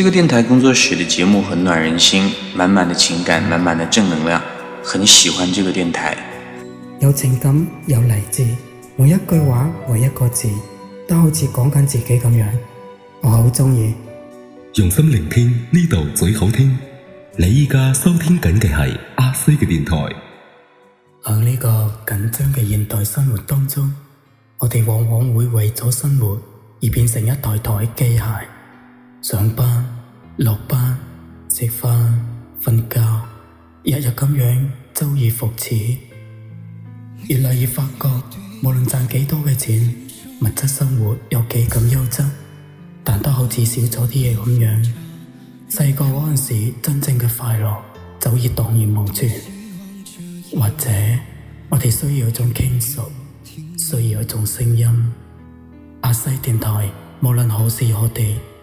這個電台工作室的節目很暖人心，滿滿的情感，滿滿的正能量，很喜歡這個電台。有情感，有勵志，每一句話，每一個字，都好似講緊自己咁樣，我好鍾意。用心聆聽呢度最好聽，你依家收聽緊嘅係阿西嘅電台。喺呢個緊張嘅現代生活當中，我哋往往會為咗生活而變成一台台機械。上班、落班、食飯、瞓覺，日日咁樣周而復始。越來越發覺，無論賺幾多嘅錢，物質生活有幾咁優質，但都好似少咗啲嘢咁樣。細個嗰陣時真正嘅快樂早已蕩然無存。或者我哋需要一種傾訴，需要一種聲音。阿西電台，無論何時何地。